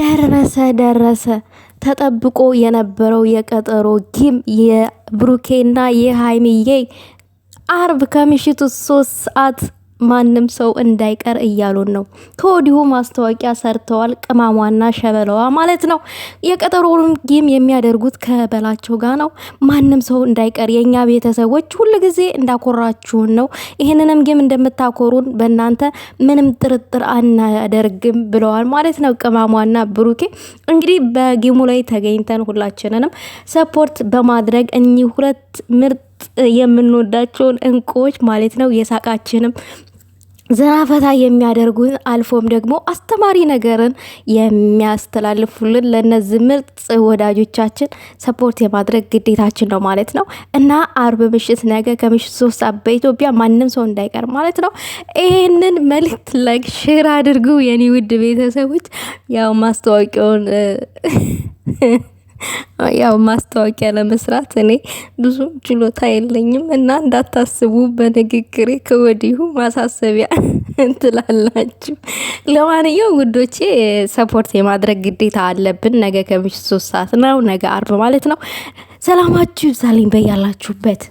ደረሰ ደረሰ ተጠብቆ የነበረው የቀጠሮ ጊም የብሩኬና የሃይሚዬ አርብ ከምሽቱ ሶስት ሰዓት ማንም ሰው እንዳይቀር እያሉን ነው። ከወዲሁ ማስታወቂያ ሰርተዋል። ቅማሟና ሸበለዋ ማለት ነው። የቀጠሮውን ጊም የሚያደርጉት ከበላቸው ጋር ነው። ማንም ሰው እንዳይቀር የእኛ ቤተሰቦች ጊዜ እንዳኮራችሁን ነው። ይህንንም ጊም እንደምታኮሩን በእናንተ ምንም ጥርጥር አናደርግም ብለዋል ማለት ነው። ቅማሟና ብሩኬ እንግዲህ በጊሙ ላይ ተገኝተን ሁላችንንም ሰፖርት በማድረግ እኚህ ሁለት ምርጥ የምንወዳቸውን እንቁዎች ማለት ነው የሳቃችንም ዘናፈታ የሚያደርጉን አልፎም ደግሞ አስተማሪ ነገርን የሚያስተላልፉልን ለእነዚህ ምርጥ ወዳጆቻችን ሰፖርት የማድረግ ግዴታችን ነው ማለት ነው እና አርብ ምሽት ነገ ከምሽት ሶስት ሰዓት በኢትዮጵያ ማንም ሰው እንዳይቀር ማለት ነው። ይህንን መልክት ላይክ፣ ሼር አድርጉ የኔ ውድ ቤተሰቦች ያው ማስታወቂያውን ያው ማስታወቂያ ለመስራት እኔ ብዙ ችሎታ የለኝም እና እንዳታስቡ በንግግሬ ከወዲሁ ማሳሰቢያ እንትላላችሁ። ለማንኛውም ውዶቼ ሰፖርት የማድረግ ግዴታ አለብን። ነገ ከምሽት ሶስት ሰዓት ነው፣ ነገ አርብ ማለት ነው። ሰላማችሁ ይብዛልኝ በያላችሁበት።